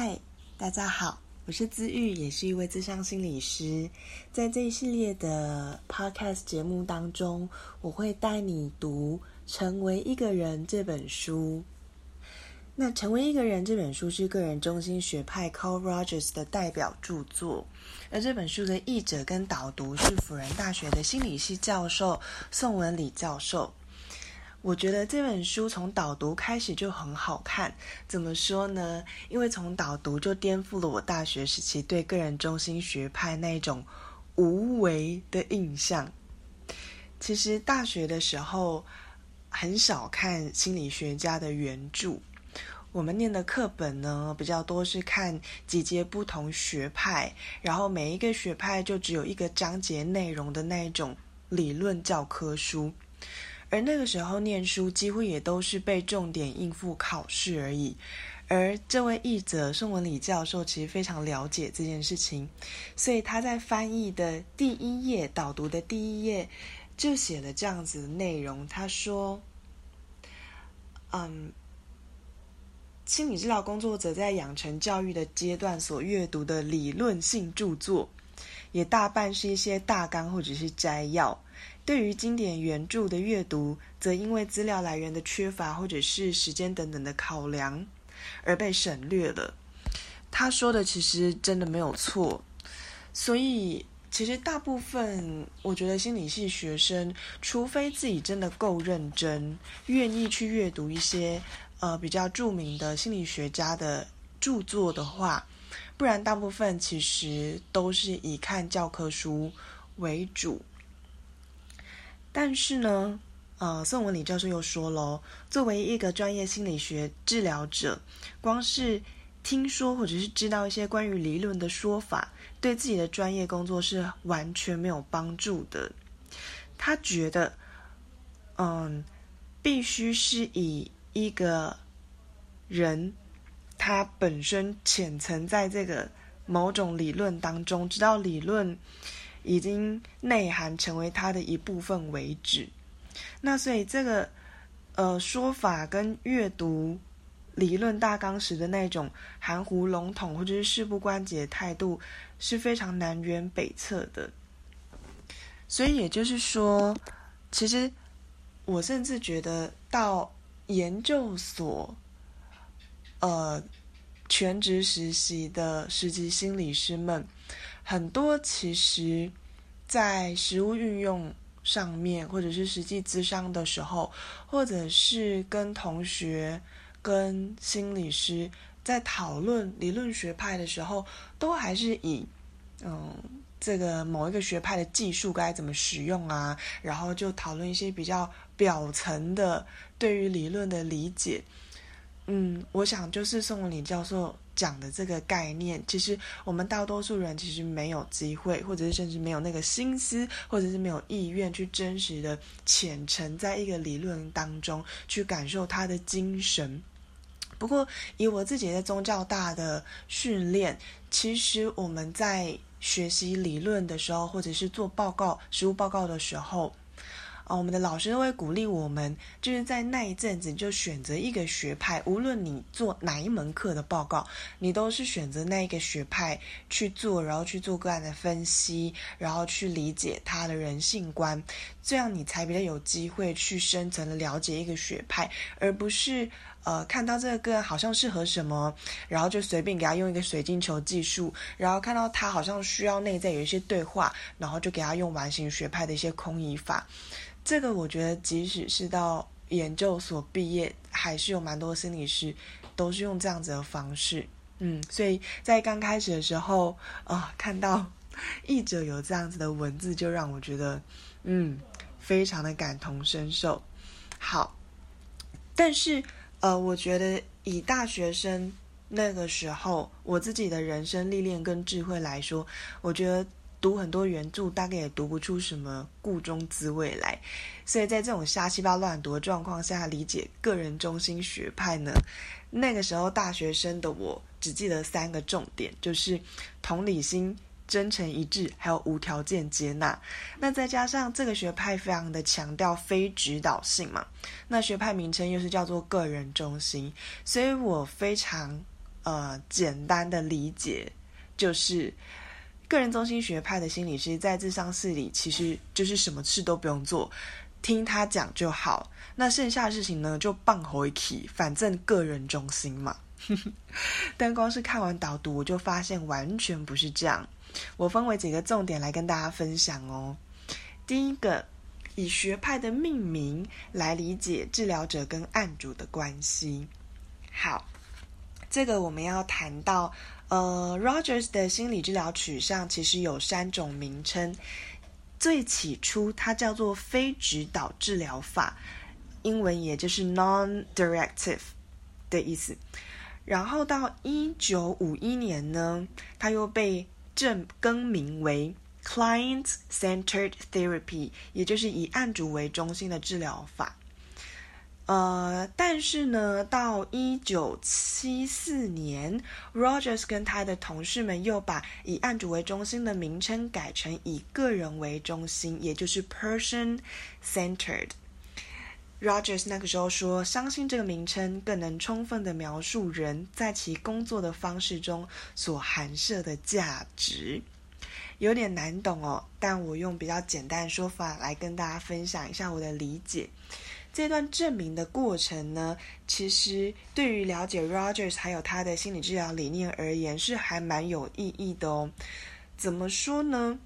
嗨，大家好，我是資玉，也是一位諮商心理師。在這一系列的 podcast 節目當中，我會帶你讀《成為一個人》這本書。那《成為一個人》這本書是個人中心學派 Carl Rogers 的代表著作，而這本書的譯者跟導讀是輔仁大學的心理系教授宋文里教授。我覺得這本書從導讀開始就很好看。怎麼說呢？因為從導讀就顛覆了我大學時期對個人中心學派那一種無為的印象。其實大學的時候很少看心理學家的原著，我們念的課本呢，比較多是看幾節不同學派，然後每一個學派就只有一個章節內容的那一種理論教科書。而那個時候念書，幾乎也都是被重點應付考試而已。而這位譯者宋文里教授其實非常了解這件事情，所以他在翻譯的第一頁、導讀的第一頁就寫了這樣子的內容。他說：“嗯，心理治療工作者在養成教育的階段所閱讀的理論性著作，也大半是一些大綱或者是摘要。”對於經典原著的閱讀，則因為資料來源的缺乏，或者是時間等等的考量，而被省略了。他說的其實真的沒有錯，所以其實大部分我覺得心理系學生，除非自己真的夠認真，願意去閱讀一些呃比較著名的心理學家的著作的話，不然大部分其實都是以看教科書為主。但是呢，呃，宋文里教授又說嘍、哦，作為一個專業心理學治療者，光是聽說或者是知道一些關於理論的說法，對自己的專業工作是完全沒有幫助的。他覺得，嗯，必須是以一個人他本身潛藏在這個某種理論當中，直到理論。已經內涵成為他的一部分為止。那所以這個呃說法跟閱讀理論大綱時的那種含糊籠統或者是事不關己的態度是非常南轅北轍的。所以也就是說，其實我甚至覺得到研究所呃全職實習的實習心理師們，很多其實，在實務運用上面，或者是實際諮商的時候，或者是跟同學、跟心理師在討論理論學派的時候，都還是以嗯，這個某一個學派的技術該怎麼使用啊，然後就討論一些比較表層的對於理論的理解。嗯，我想就是宋文里教授講的這個概念，其實我們大多數人其實沒有機會，或者是甚至沒有那個心思，或者是沒有意願去真實的潛沉，在一個理論當中去感受它的精神。不過，以我自己在宗教大的訓練，其實我們在學習理論的時候，或者是做報告、實務報告的時候。哦，我們的老師都會鼓勵我們，就是在那一陣子就選擇一個學派，無論你做哪一門課的報告，你都是選擇那一個學派去做，然後去做個案的分析，然後去理解他的人性觀，這樣你才比較有機會去深層的了解一個學派，而不是呃看到這個個案好像適合什麼，然後就隨便給他用一個水晶球技術，然後看到他好像需要內在有一些對話，然後就給他用完形學派的一些空椅法。這個我覺得，即使是到研究所畢業，還是有蠻多心理師都是用這樣子的方式。嗯，所以在剛開始的時候，啊、呃，看到譯者有這樣子的文字，就讓我覺得，嗯，非常的感同身受。好，但是呃，我覺得以大學生那個時候我自己的人生歷練跟智慧來說，我覺得。讀很多原著，大概也讀不出什麼箇中滋味來，所以在這種瞎七八亂讀的狀況下，理解個人中心學派呢？那個時候大學生的我只記得三個重點，就是同理心、真誠一致，還有無條件接納。那再加上這個學派非常的強調非指導性嘛，那學派名稱又是叫做個人中心，所以我非常呃簡單的理解就是。個人中心學派的心理師在諮商室裡，其實就是什麼事都不用做，聽他講就好。那剩下的事情呢，就放乎伊企，反正個人中心嘛。 但光是看完導讀，我就發現完全不是這樣。我分為幾個重點來跟大家分享哦。第一個，以學派的命名來理解治療者跟案主的關係。好，這個我們要談到。呃、uh,，Rogers 的心理治療取向其實有三種名稱。最起初，它叫做非指導治療法，英文也就是 non-directive 的意思。然後到一九五一年呢，它又被正更名為 client-centered therapy，也就是以案主為中心的治療法。呃，但是呢，到一九七四年，Rogers 跟他的同事們又把以案主為中心的名稱改成以個人為中心，也就是 person-centered。Rogers 那個時候說，相信這個名稱更能充分地描述人在其工作的方式中所含涉的價值。有點難懂哦，但我用比較簡單的說法來跟大家分享一下我的理解。這段正名的過程呢，其實對於了解 Rogers 還有他的心理治療理念而言，是還蠻有意義的哦。怎麼說呢？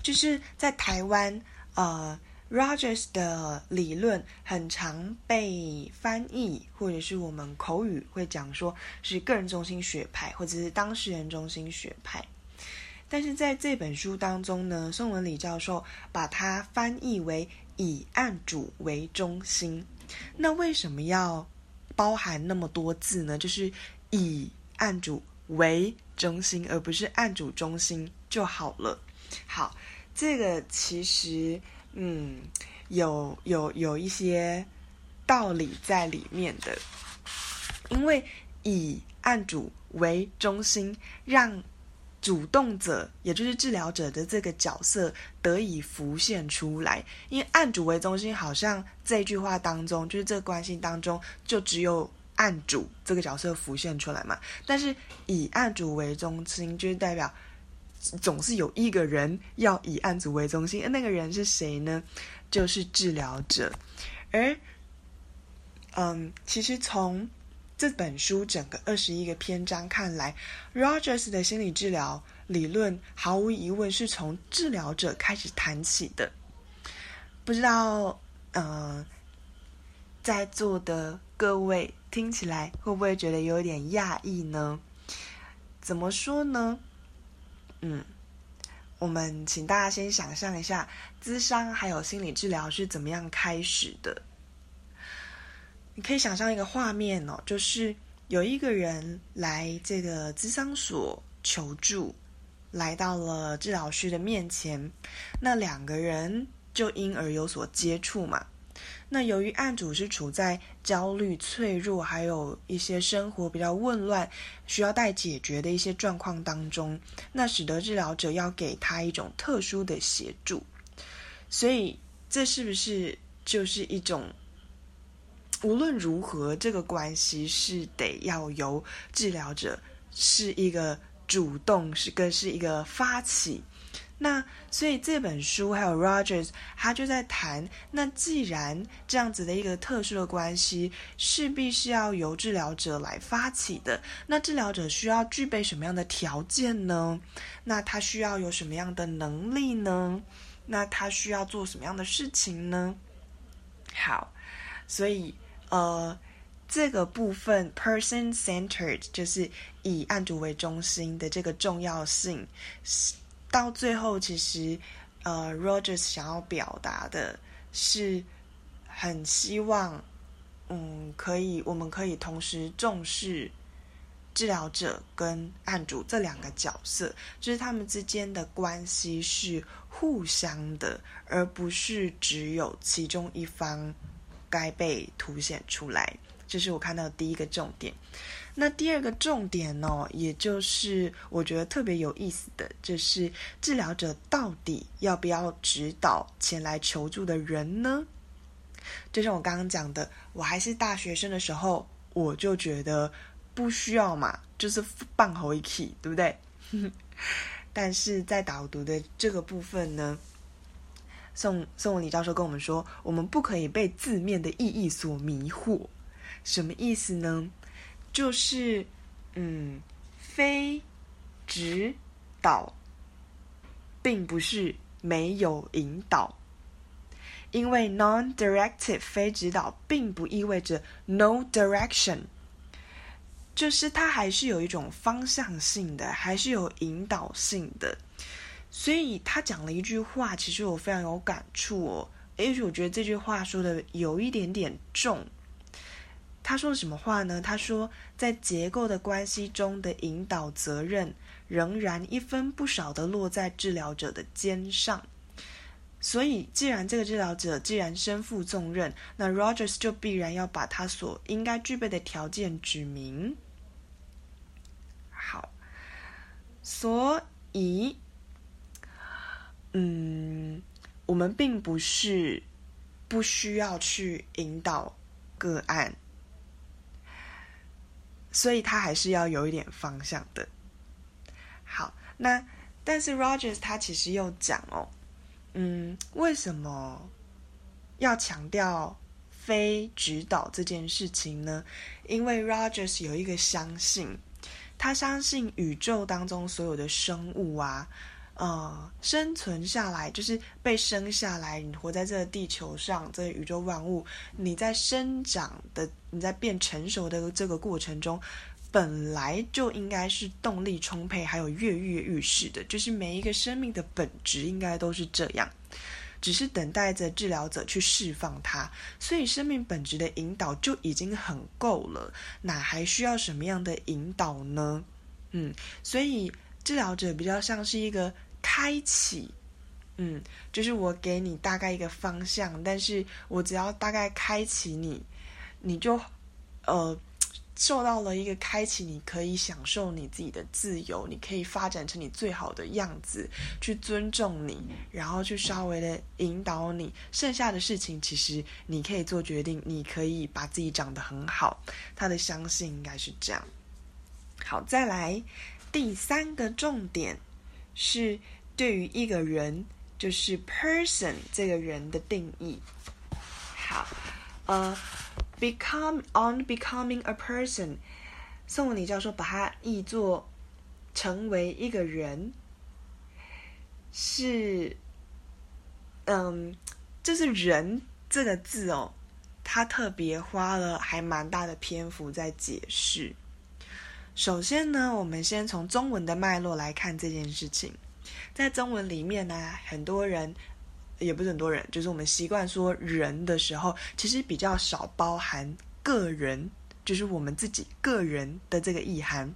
就是在台灣，啊，呃，Rogers 的理論很常被翻譯或者是我們口語會講說是個人中心學派或者是當事人中心學派，但是在這本書當中呢，宋文里教授把它翻譯為。以案主為中心，那為什麼要包含那麼多字呢？就是以案主為中心，而不是案主中心就好了。好，這個其實嗯，有有有一些道理在裡面的，因為以案主為中心，讓。主動者，也就是治療者的這個角色得以浮現出來，因為案主為中心，好像這句話當中，就是這個關係當中，就只有案主這個角色浮現出來嘛。但是以案主為中心，就是代表總是有一個人要以案主為中心，而那個人是誰呢？就是治療者。而嗯，其實從。這本書整個二十一個篇章看來，Rogers 的心理治療理論毫無疑問是從治療者開始談起的。不知道，嗯、呃，在座的各位聽起來會不會覺得有點訝異呢？怎麼說呢？嗯，我們請大家先想象一下，諮商還有心理治療是怎麼樣開始的。你可以想象一個畫面哦，就是有一個人來這個諮商所求助，來到了治療師的面前，那兩個人就因而有所接觸嘛。那由於案主是處在焦慮、脆弱，還有一些生活比較混亂、需要待解決的一些狀況當中，那使得治療者要給他一種特殊的協助。所以，這是不是就是一種？無論如何，這個關係是得要由治療者是一個主動，是，更是一個發起。那所以這本書還有 Rogers，他就在談，那既然這樣子的一個特殊的關係，勢必是要由治療者來發起的，那治療者需要具備什麼樣的條件呢？那他需要有什麼樣的能力呢？那他需要做什麼樣的事情呢？好，所以。呃，這個部分，person-centered 就是以案主為中心的這個重要性，到最後其實，呃，Rogers 想要表達的是，很希望，嗯，可以，我們可以同時重視治療者跟案主這兩個角色，就是他們之間的關係是互相的，而不是只有其中一方。該被凸顯出來，這是我看到的第一個重點。那第二個重點呢、哦，也就是我覺得特別有意思的，就是治療者到底要不要指導前來求助的人呢？就像、是、我剛剛講的，我還是大學生的時候，我就覺得不需要嘛，就是放乎伊企，對不對？但是在導讀的這個部分呢？宋宋文里教授跟我們說：“我們不可以被字面的意義所迷惑，什麼意思呢？就是，嗯，非指導，並不是沒有引導，因為 non-directive 非指導並不意味着 no direction，就是它還是有一種方向性的，還是有引導性的。”所以他講了一句話，其實我非常有感觸，哦，也許我覺得這句話說的有一點點重。他說了什麼話呢？他說，在結構的關係中的引導責任，仍然一分不少的落在治療者的肩上。所以，既然這個治療者既然身負重任，那 Rogers 就必然要把他所應該具備的條件指明。好，所以。嗯，我們並不是不需要去引導個案，所以他還是要有一點方向的。好，那，但是 Rogers 他其實又講哦，嗯，為什麼要強調非指導這件事情呢？因為 Rogers 有一個相信，他相信宇宙當中所有的生物啊。呃、嗯，生存下來就是被生下來，你活在這個地球上，這個宇宙萬物，你在生長的，你在變成熟的這個過程中，本來就應該是動力充沛，還有躍躍欲試的，就是每一個生命的本質應該都是這樣，只是等待着治療者去釋放它。所以生命本質的引導就已經很夠了，哪還需要什麼樣的引導呢？嗯，所以。治療者比較像是一個開啟，嗯，就是我給你大概一個方向，但是我只要大概開啟你，你就呃受到了一個開啟，你可以享受你自己的自由，你可以發展成你最好的樣子，去尊重你，然後去稍微的引導你，剩下的事情其實你可以做決定，你可以把自己長得很好，他的相信應該是這樣。好，再來。第三個重點是對於一個人，就是 person 這個人的定義。好，呃、uh，become on becoming a person，宋文里教授把它譯作成為一個人，是嗯，um, 就是人這個字哦，他特別花了還蠻大的篇幅在解釋。首先呢，我們先從中文的脈絡來看這件事情。在中文裡面呢，很多人也不是很多人，就是我們習慣說“人”的時候，其實比較少包含“個人”，就是我們自己個人的這個意涵。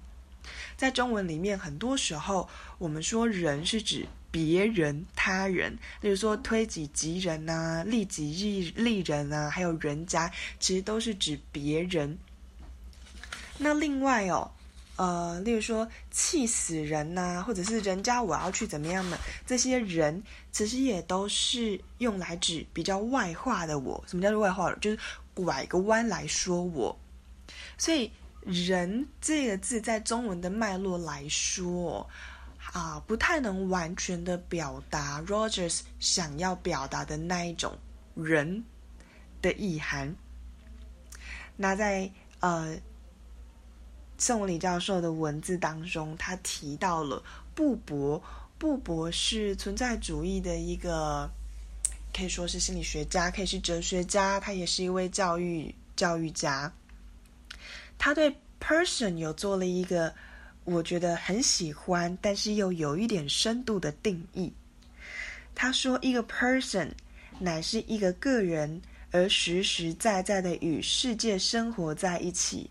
在中文裡面，很多時候我們說“人”是指別人、他人，例如說“推己及人”啊，“利己利人”啊，還有“人家”，其實都是指別人。那另外哦。呃，例如說，氣死人吶、啊，或者是人家我要去怎麼樣的，這些人其實也都是用來指比較外化的我。什麼叫做外化？就是拐個彎來說我。所以“人”這個字在中文的脈絡來說，啊、呃，不太能完全的表達 Rogers 想要表達的那一種“人”的意涵。那在呃。宋文里教授的文字當中，他提到了布伯。布伯是存在主義的一個，可以說是心理學家，可以是哲學家，他也是一位教育教育家。他對 person 有做了一個我覺得很喜歡，但是又有一點深度的定義。他說：“一個 person 乃是一個個人，而實實在在的與世界生活在一起。”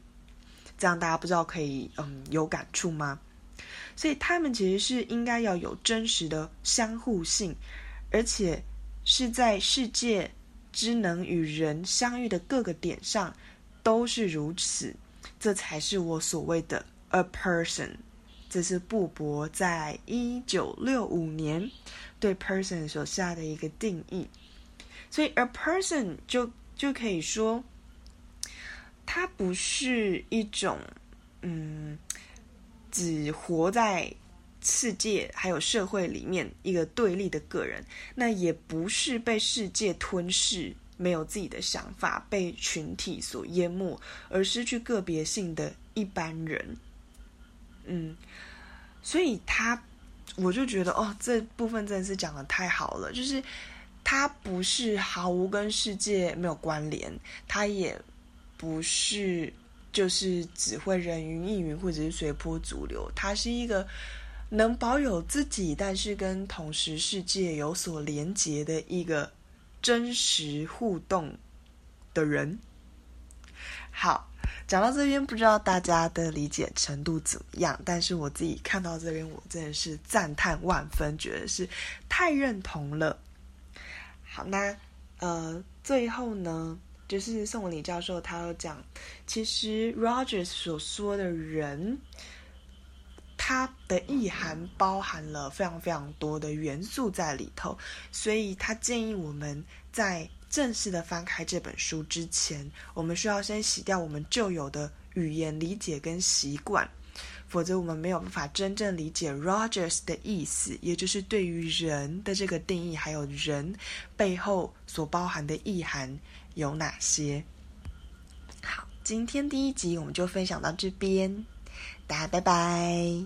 這樣大家不知道可以嗯有感觸嗎？所以他們其實是應該要有真實的相互性，而且是在世界之能與人相遇的各個點上都是如此，這才是我所謂的 a person。這是布伯在一九六五年對 person 所下的一個定義，所以 a person 就就可以說。他不是一種，嗯，只活在世界還有社會裡面一個對立的個人，那也不是被世界吞噬、沒有自己的想法、被群體所淹沒而失去個別性的一般人。嗯，所以他，我就覺得哦，這部分真的是講的太好了，就是他不是毫無跟世界沒有關聯，他也。不是，就是只會人云亦云，或者是隨波逐流。他是一個能保有自己，但是跟同時世界有所連接的一個真實互動的人。好，講到這邊，不知道大家的理解程度怎麼樣？但是我自己看到這邊，我真的是讚嘆萬分，覺得是太認同了。好，那呃，最後呢，就是宋文里教授，他有講，其實 Rogers 所說的人，他的意涵包含了非常非常多的元素在裡頭，所以他建議我們在正式的翻開這本書之前，我們需要先洗掉我們舊有的語言理解跟習慣，否則我們沒有辦法真正理解 Rogers 的意思，也就是對於人的這個定義，還有人背後所包含的意涵。有哪些？好，今天第一集我們就分享到這邊，大家拜拜。